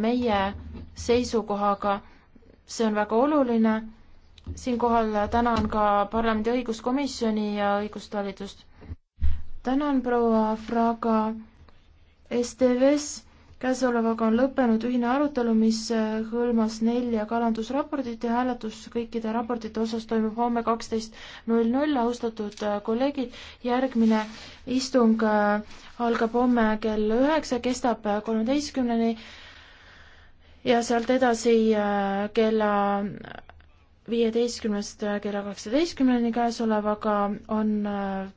meie seisukohaga, see on väga oluline. siinkohal tänan ka parlamendi õiguskomisjoni ja õigustalitust. tänan, proua Fraga. STVs käesolevaga on lõppenud ühine arutelu, mis hõlmas nelja kalandusraportit ja hääletus kõikide raportite osas toimub homme kaksteist null null. austatud kolleegid, järgmine istung äh, algab homme kell üheksa, kestab kolmeteistkümneni ja sealt edasi äh, kella viieteistkümnest äh, kella kaheksateistkümneni käesolevaga on äh,